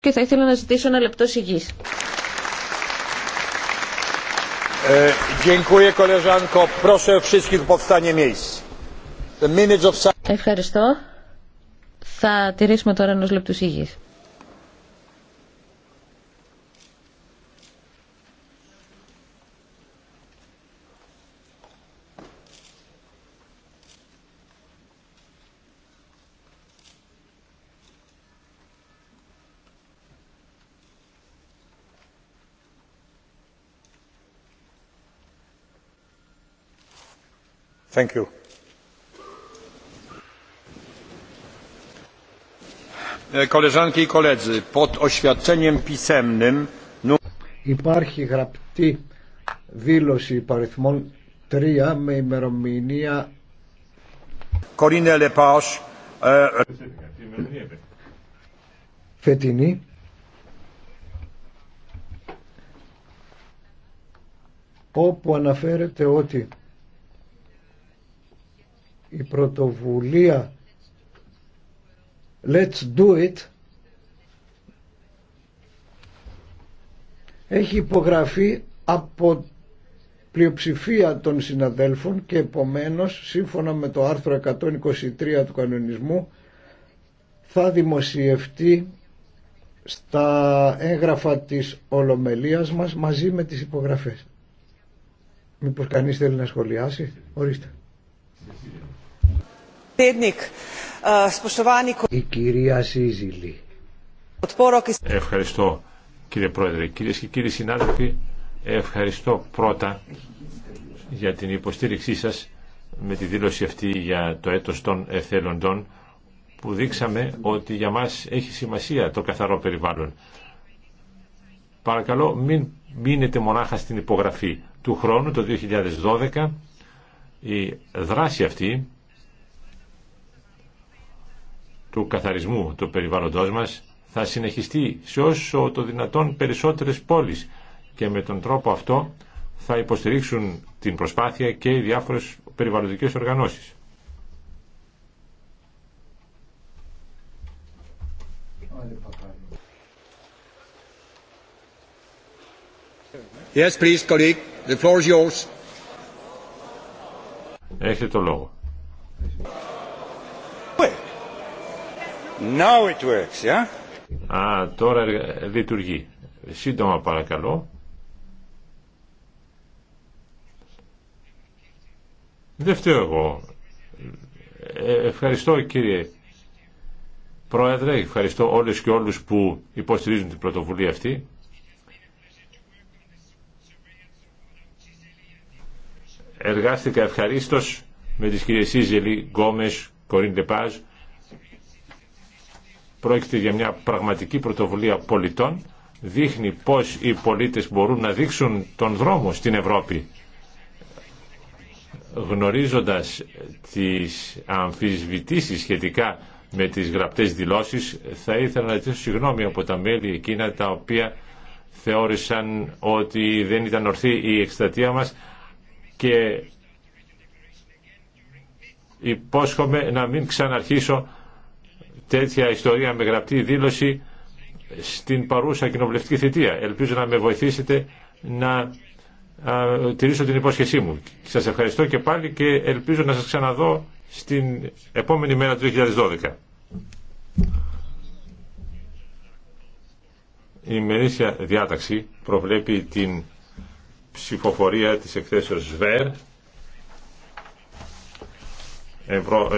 και θα ήθελα να ζητήσω ένα λεπτό σιγής. Ε, Ευχαριστώ. Θα τηρήσουμε τώρα ενός λεπτού σιγής. Thank you. Koleżanki i koledzy, pod oświadczeniem pisemnym... Υπάρχει γραπτή δήλωση υπαριθμών 3 με ημερομηνία Κορίνε Λεπάς ε, φετινή όπου αναφέρεται ότι η πρωτοβουλία Let's Do It έχει υπογραφεί από πλειοψηφία των συναδέλφων και επομένως σύμφωνα με το άρθρο 123 του κανονισμού θα δημοσιευτεί στα έγγραφα της Ολομελίας μας μαζί με τις υπογραφές. Μήπως κανείς θέλει να σχολιάσει. Ορίστε. Eh, η κυρία Σίζηλη. Ευχαριστώ κύριε Πρόεδρε. Κυρίε και κύριοι συνάδελφοι, ευχαριστώ πρώτα για την υποστήριξή σας με τη δήλωση αυτή για το έτος των εθελοντών που δείξαμε ότι για μας έχει σημασία το καθαρό περιβάλλον. Παρακαλώ μην μείνετε μονάχα στην υπογραφή του χρόνου το 2012 η δράση αυτή του καθαρισμού του περιβάλλοντός μας θα συνεχιστεί σε όσο το δυνατόν περισσότερες πόλεις και με τον τρόπο αυτό θα υποστηρίξουν την προσπάθεια και οι διάφορες περιβαλλοντικές οργανώσεις. Yes, please, colleague. The floor is yours. Έχετε το λόγο. Now it works, yeah? Α, τώρα λειτουργεί. Σύντομα παρακαλώ. Δεν φταίω εγώ. Ε, ευχαριστώ κύριε Πρόεδρε, ευχαριστώ όλες και όλους που υποστηρίζουν την πρωτοβουλία αυτή. Εργάστηκα ευχαρίστως με τις κυρίες Σίζελη, Γκόμες, Κορίν Λεπάζ, Πρόκειται για μια πραγματική πρωτοβουλία πολιτών. Δείχνει πώς οι πολίτες μπορούν να δείξουν τον δρόμο στην Ευρώπη. Γνωρίζοντας τις αμφισβητήσεις σχετικά με τις γραπτές δηλώσεις, θα ήθελα να ζητήσω συγγνώμη από τα μέλη εκείνα τα οποία θεώρησαν ότι δεν ήταν ορθή η εκστατεία μας και υπόσχομαι να μην ξαναρχίσω τέτοια ιστορία με γραπτή δήλωση στην παρούσα κοινοβουλευτική θητεία. Ελπίζω να με βοηθήσετε να τηρήσω την υπόσχεσή μου. Σας ευχαριστώ και πάλι και ελπίζω να σας ξαναδώ στην επόμενη μέρα του 2012. Η ημερήσια διάταξη προβλέπει την ψηφοφορία της εκθέσεως ΒΕΡ